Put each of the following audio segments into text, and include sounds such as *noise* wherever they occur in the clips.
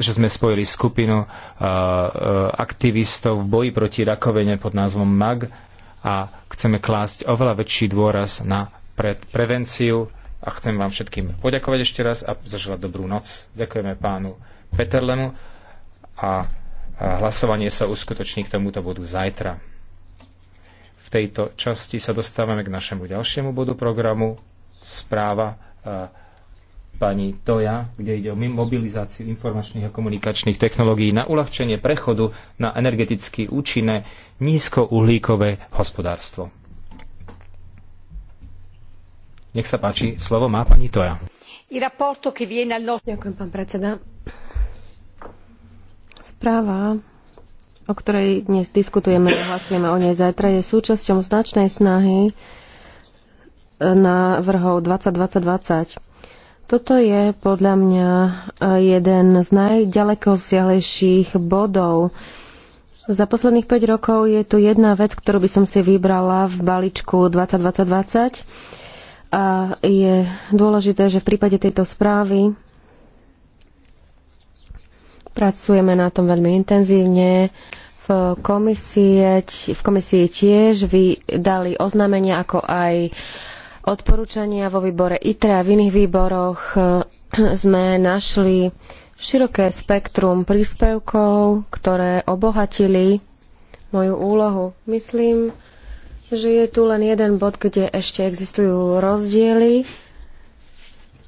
že sme spojili skupinu aktivistov v boji proti rakovine pod názvom MAG a chceme klásť oveľa väčší dôraz na pred prevenciu a chcem vám všetkým poďakovať ešte raz a zaželať dobrú noc. Ďakujeme pánu Peterlemu a hlasovanie sa uskutoční k tomuto bodu zajtra. V tejto časti sa dostávame k našemu ďalšiemu bodu programu správa pani Toja, kde ide o mobilizáciu informačných a komunikačných technológií na uľahčenie prechodu na energeticky účinné nízkouhlíkové hospodárstvo. Nech sa páči, slovo má pani Toja. Ďakujem, pán predseda. Správa, o ktorej dnes diskutujeme a hlasujeme o nej zajtra, je súčasťou značnej snahy na vrhov 2020-2020 toto je podľa mňa e, jeden z najďaleko bodov. Za posledných 5 rokov je tu jedna vec, ktorú by som si vybrala v balíčku 2020 a je dôležité, že v prípade tejto správy pracujeme na tom veľmi intenzívne. V, komisie, v komisii tiež vydali oznámenia, ako aj uh, odporúčania vo výbore ITRE a v iných výboroch eh, sme našli široké spektrum príspevkov, ktoré obohatili moju úlohu. Myslím, že je tu len jeden bod, kde ešte existujú rozdiely.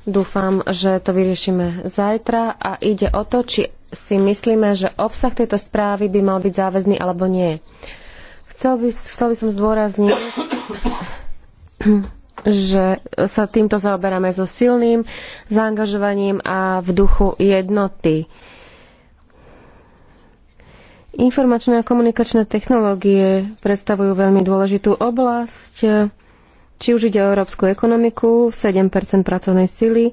Dúfam, že to vyriešime zajtra a ide o to, či si myslíme, že obsah tejto správy by mal byť záväzný alebo nie. Chcel by, chcel by som zdôrazniť že sa týmto zaoberáme so silným zaangažovaním a v duchu jednoty. Informačné a komunikačné technológie predstavujú veľmi dôležitú oblasť, či už ide o európsku ekonomiku, 7 pracovnej sily, eh,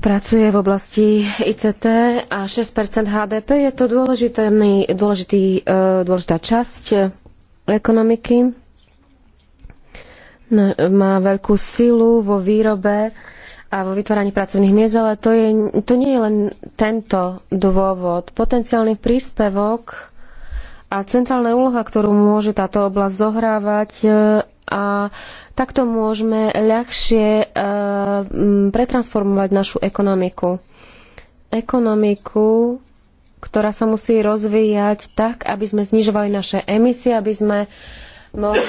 pracuje v oblasti ICT a 6 HDP je to dôležitý, dôležitý, eh, dôležitá časť ekonomiky. No, má veľkú silu vo výrobe a vo vytváraní pracovných miest, ale to, je, to nie je len tento dôvod. Potenciálny príspevok a centrálna úloha, ktorú môže táto oblasť zohrávať e, a takto môžeme ľahšie e, pretransformovať našu ekonomiku. Ekonomiku, ktorá sa musí rozvíjať tak, aby sme znižovali naše emisie, aby sme uh, mohli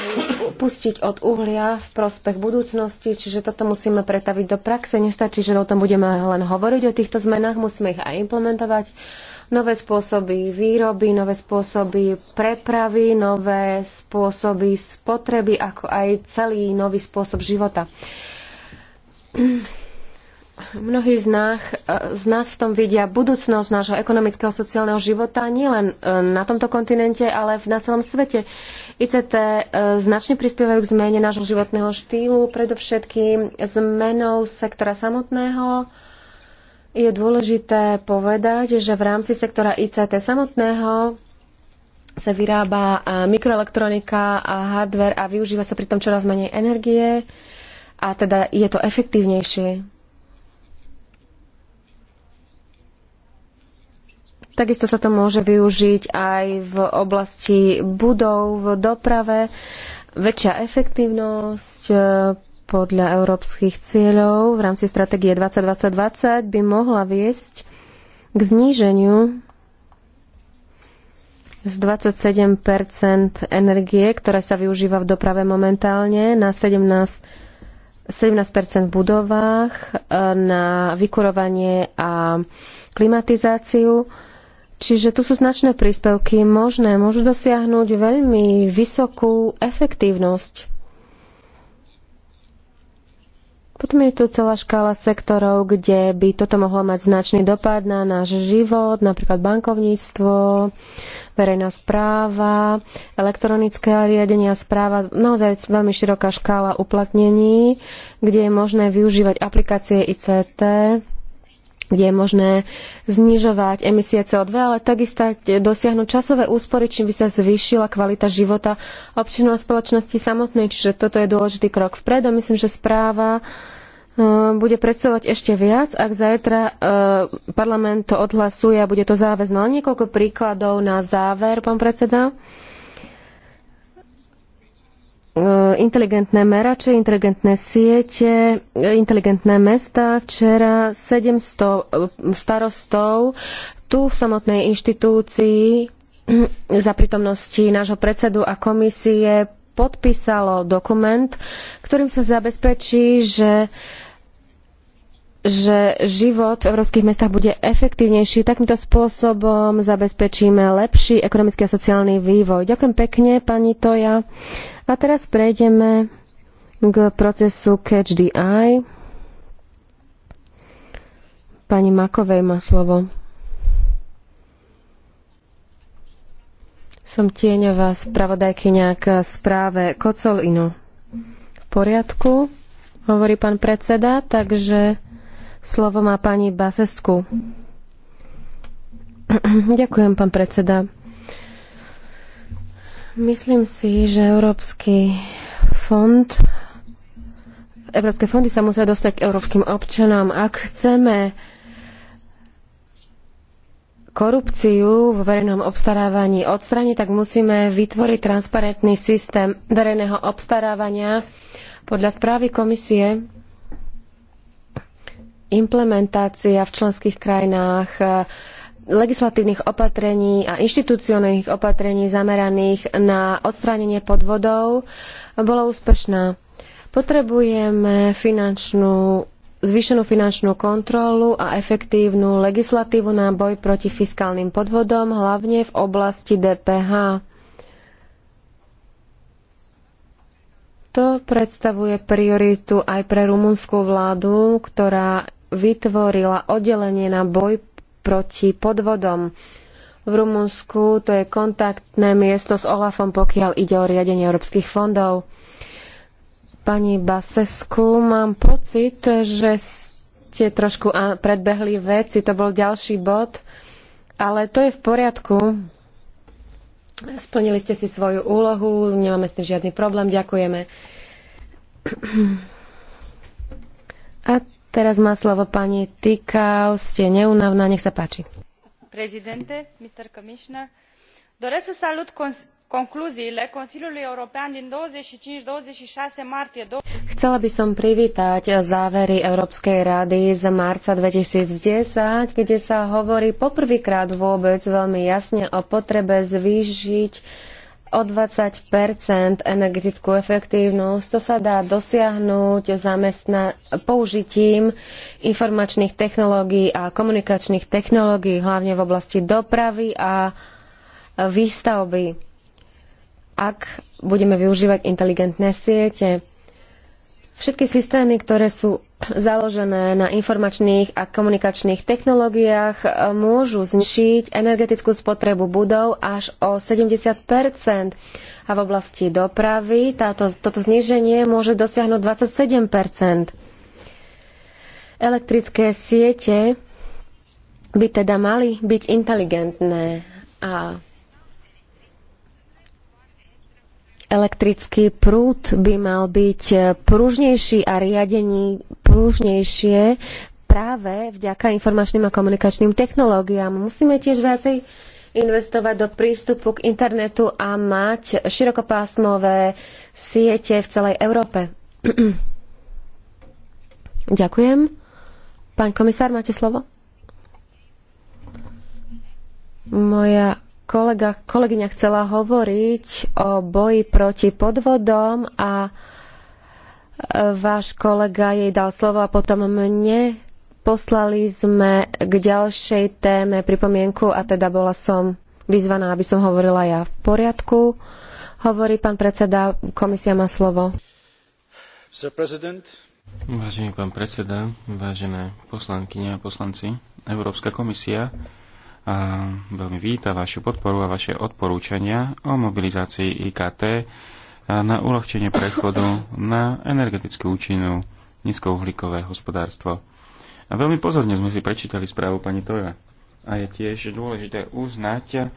pustiť od uhlia v prospech budúcnosti, čiže toto musíme pretaviť do praxe. Nestačí, že o tom budeme len hovoriť o týchto zmenách, musíme ich aj implementovať. Nové spôsoby výroby, nové spôsoby prepravy, nové spôsoby spotreby, ako aj celý nový spôsob života. Mnohí z nás, z nás v tom vidia budúcnosť nášho ekonomického sociálneho života nielen e, na tomto kontinente, ale na celom svete. ICT e, značne prispievajú k zmene nášho životného štýlu, predovšetkým zmenou sektora samotného. Je dôležité povedať, že v rámci sektora ICT samotného sa vyrába e, mikroelektronika a hardware a využíva sa pritom čoraz menej energie a teda je to efektívnejšie. Takisto sa to môže využiť aj v oblasti budov, v doprave. Väčšia efektívnosť e, podľa európskych cieľov v rámci stratégie 2020 by mohla viesť k zníženiu z 27 energie, ktorá sa využíva v doprave momentálne, na 17, 17 v budovách, e, na vykurovanie a klimatizáciu. Čiže tu sú značné príspevky možné, môžu dosiahnuť veľmi vysokú efektívnosť. Potom je tu celá škála sektorov, kde by toto mohlo mať značný dopad na náš život, napríklad bankovníctvo, verejná správa, elektronické riadenia správa, naozaj veľmi široká škála uplatnení, kde je možné využívať aplikácie ICT, kde je možné znižovať emisie CO2, ale takisto dosiahnuť časové úspory, čím by sa zvýšila kvalita života občinov a spoločnosti samotnej. Čiže toto je dôležitý krok vpred a myslím, že správa e, bude predstavovať ešte viac, ak zajtra e, parlament to odhlasuje a bude to záväzné. Niekoľko príkladov na záver, pán predseda. Eh, inteligentné merače, inteligentné siete, eh, inteligentné mesta. Včera 700 eh, starostov tu v samotnej inštitúcii *clears throat* za prítomnosti nášho predsedu a komisie podpísalo dokument, ktorým sa zabezpečí, že že život v európskych mestách bude efektívnejší. Takýmto spôsobom zabezpečíme lepší ekonomický a sociálny vývoj. Ďakujem pekne, pani Toja. A teraz prejdeme k procesu Catch the Eye. Pani Makovej má slovo. Som tieňová spravodajkyňa k správe Kocolino. V poriadku, hovorí pán predseda, takže Slovo má pani Basesku. *clears throat* Ďakujem, pán predseda. Myslím si, že Európsky fond Európske fondy sa musia dostať k európskym občanom. Ak chceme korupciu vo verejnom obstarávaní odstraniť, tak musíme vytvoriť transparentný systém verejného obstarávania. Podľa správy komisie implementácia v členských krajinách e, legislatívnych opatrení a inštitucionálnych opatrení zameraných na odstránenie podvodov bola úspešná. Potrebujeme finančnú, zvýšenú finančnú kontrolu a efektívnu legislatívu na boj proti fiskálnym podvodom, hlavne v oblasti DPH. To predstavuje prioritu aj pre rumunskú vládu, ktorá vytvorila oddelenie na boj proti podvodom. V Rumunsku to je kontaktné miesto s OLAFom, pokiaľ ide o riadenie európskych fondov. Pani Basesku, mám pocit, že ste trošku predbehli veci, to bol ďalší bod, ale to je v poriadku. Splnili ste si svoju úlohu, nemáme s tým žiadny problém, ďakujeme. A Teraz má slovo pani Tykau, ste neunavná, nech sa páči. Prezidente, Mr. Commissioner, doresc să salut concluziile Consiliului European din 25-26 martie. Do... Chcela by som privítať závery Európskej rady z marca 2010, kde sa hovorí poprvýkrát vôbec veľmi jasne o potrebe zvýšiť o 20 energetickú efektívnosť. To sa dá dosiahnuť zamestna- použitím informačných technológií a komunikačných technológií, hlavne v oblasti dopravy a výstavby. Ak budeme využívať inteligentné siete, Všetky systémy, ktoré sú založené na informačných a komunikačných technológiách, e, môžu znišiť energetickú spotrebu budov až o 70 a v oblasti dopravy táto, toto zníženie môže dosiahnuť 27 Elektrické siete by teda mali byť inteligentné a elektrický prúd by mal byť e, pružnejší a riadení pružnejšie práve vďaka informačným a komunikačným technológiám. Musíme tiež viacej investovať do prístupu k internetu a mať širokopásmové siete v celej Európe. *clears throat* Ďakujem. Pán komisár, máte slovo? Moja kolega, kolegyňa chcela hovoriť o boji proti podvodom a e, váš kolega jej dal slovo a potom mne poslali sme k ďalšej téme pripomienku a teda bola som vyzvaná, aby som hovorila ja v poriadku. Hovorí pán predseda, komisia má slovo. Vážený pán predseda, vážené poslankyne a poslanci, Európska komisia a veľmi víta vašu podporu a vaše odporúčania o mobilizácii IKT na uľahčenie prechodu na energeticky účinnú nízkouhlíkové hospodárstvo. A veľmi pozorne sme si prečítali správu pani Toja. A je tiež dôležité uznať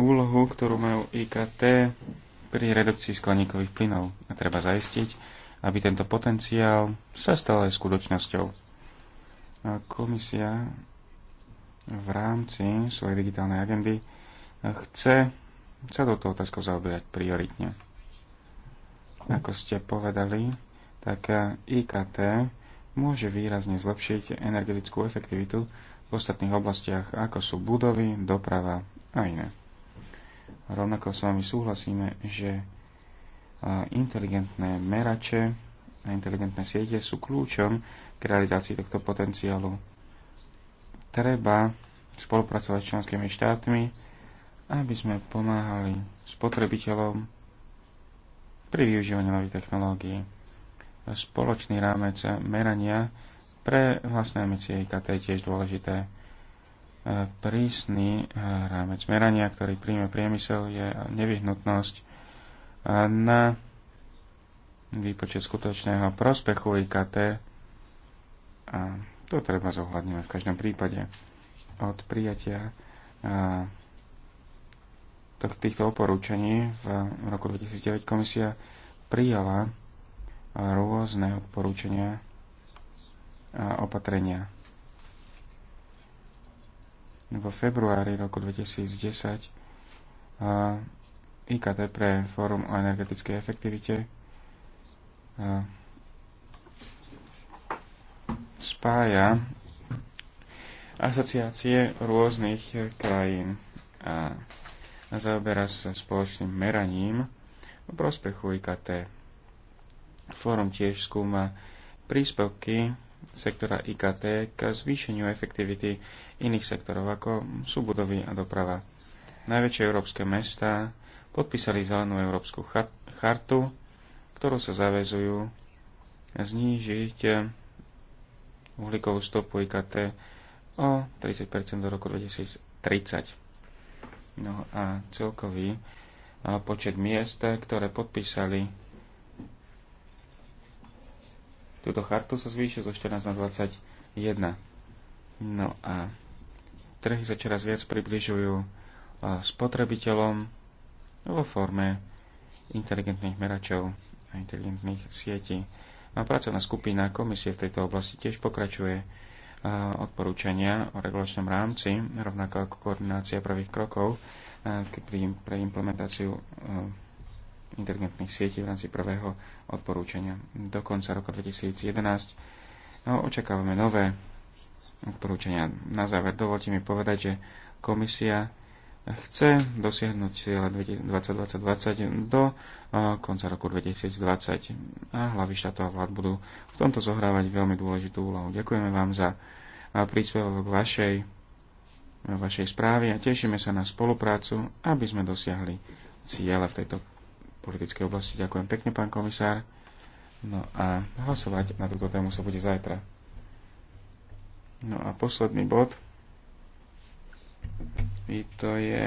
úlohu, ktorú majú IKT pri redukcii skleníkových plynov. A treba zaistiť, aby tento potenciál sa stal aj skutočnosťou. A komisia v rámci svojej digitálnej agendy chce sa toho otázku zaoberať prioritne. Ako ste povedali, tak IKT môže výrazne zlepšiť energetickú efektivitu v ostatných oblastiach, ako sú budovy, doprava a iné. Rovnako s vami súhlasíme, že inteligentné merače a inteligentné siete sú kľúčom k realizácii tohto potenciálu treba spolupracovať s členskými štátmi, aby sme pomáhali spotrebiteľom pri využívaní nových technológií. Spoločný rámec merania pre vlastné emisie IKT je tiež dôležité. E, prísny e, rámec merania, ktorý príjme priemysel, je nevyhnutnosť e, na výpočet skutočného prospechu IKT a to treba zohľadňovať v každom prípade. Od prijatia týchto oporúčaní v roku 2009 komisia prijala rôzne odporúčania a opatrenia. Vo februári roku 2010 IKT pre Fórum o energetickej efektivite spája asociácie rôznych eh, krajín a zaoberá sa spoločným meraním o prospechu IKT. Fórum tiež skúma príspevky sektora IKT k zvýšeniu efektivity iných sektorov, ako sú budovy a doprava. Najväčšie európske mesta podpísali zelenú európsku chartu, ktorú sa zavezujú znížiť eh, uhlíkovú stopu IKT o 30 do roku 2030. No a celkový počet miest, ktoré podpísali túto chartu, sa zvýšil zo 14 na 21. No a trhy sa čoraz viac približujú spotrebiteľom vo forme inteligentných meračov a inteligentných sietí a pracovná skupina komisie v tejto oblasti tiež pokračuje odporúčania o regulačnom rámci, rovnako ako koordinácia prvých krokov pre implementáciu inteligentných sietí v rámci prvého odporúčania. Do konca roka 2011 očakávame nové odporúčania. Na záver dovolte mi povedať, že komisia chce dosiahnuť cieľa 2020-2020 do konca roku 2020 a hlavy štátov a vlád budú v tomto zohrávať veľmi dôležitú úlohu. Ďakujeme vám za príspevok vašej, vašej správy a tešíme sa na spoluprácu, aby sme dosiahli ciele v tejto politickej oblasti. Ďakujem pekne, pán komisár. No a hlasovať na túto tému sa bude zajtra. No a posledný bod. I to je